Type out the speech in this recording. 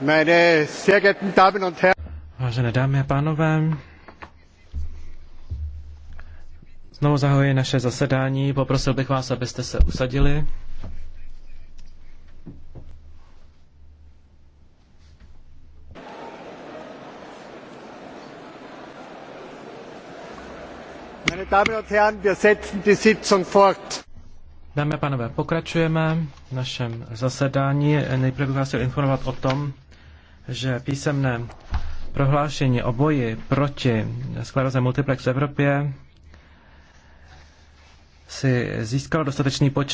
Meine sehr geehrten Damen und Herren. Vážené dámy a pánové, znovu zahajuji naše zasedání. Poprosil bych vás, abyste se usadili. Meine Damen und Herren, wir setzen die Sitzung fort. Dámy a pánové, pokračujeme v našem zasedání. Nejprve bych vás chtěl informovat o tom, že písemné prohlášení o boji proti skleroze multiplex v Evropě si získalo dostatečný počet